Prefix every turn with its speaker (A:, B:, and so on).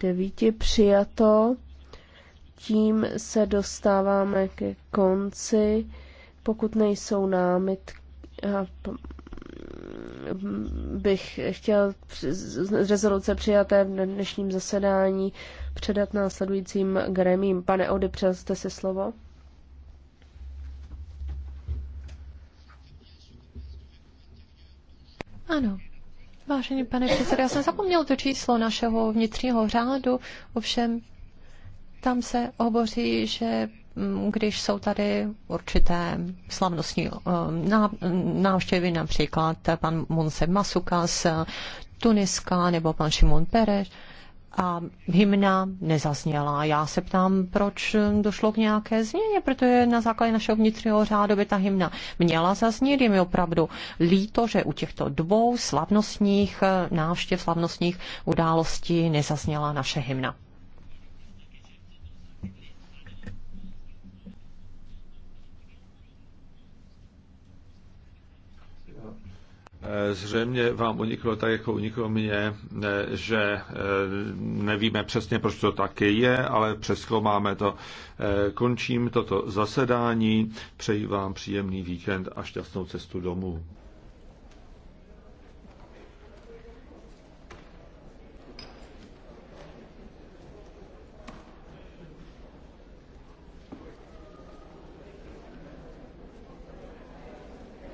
A: devíti přijato. Tím se dostáváme ke konci. Pokud nejsou námitky, bych chtěl z rezoluce přijaté v dnešním zasedání předat následujícím gremím. Pane Ody, přelte
B: si slovo. Ano, Vážený pane předsedo, já jsem zapomněl to číslo našeho vnitřního řádu, ovšem tam se hovoří, že mm, když jsou tady určité slavnostní eh, návštěvy, například pan Monse Masukas, Tuniska nebo pan Šimon Pereš, a hymna nezazněla. Já se ptám, proč došlo k nějaké změně, protože na základě našeho vnitřního řádu by ta hymna měla zaznít. Je mi opravdu líto, že u těchto dvou slavnostních eh, návštěv, slavnostních událostí nezazněla naše hymna.
C: Zřejmě vám uniklo tak, jako uniklo mě, že eh, nevíme přesně, proč to taky je, ale přeskoumáme to. Eh, končím toto zasedání. Přeji vám příjemný víkend a šťastnou cestu domů.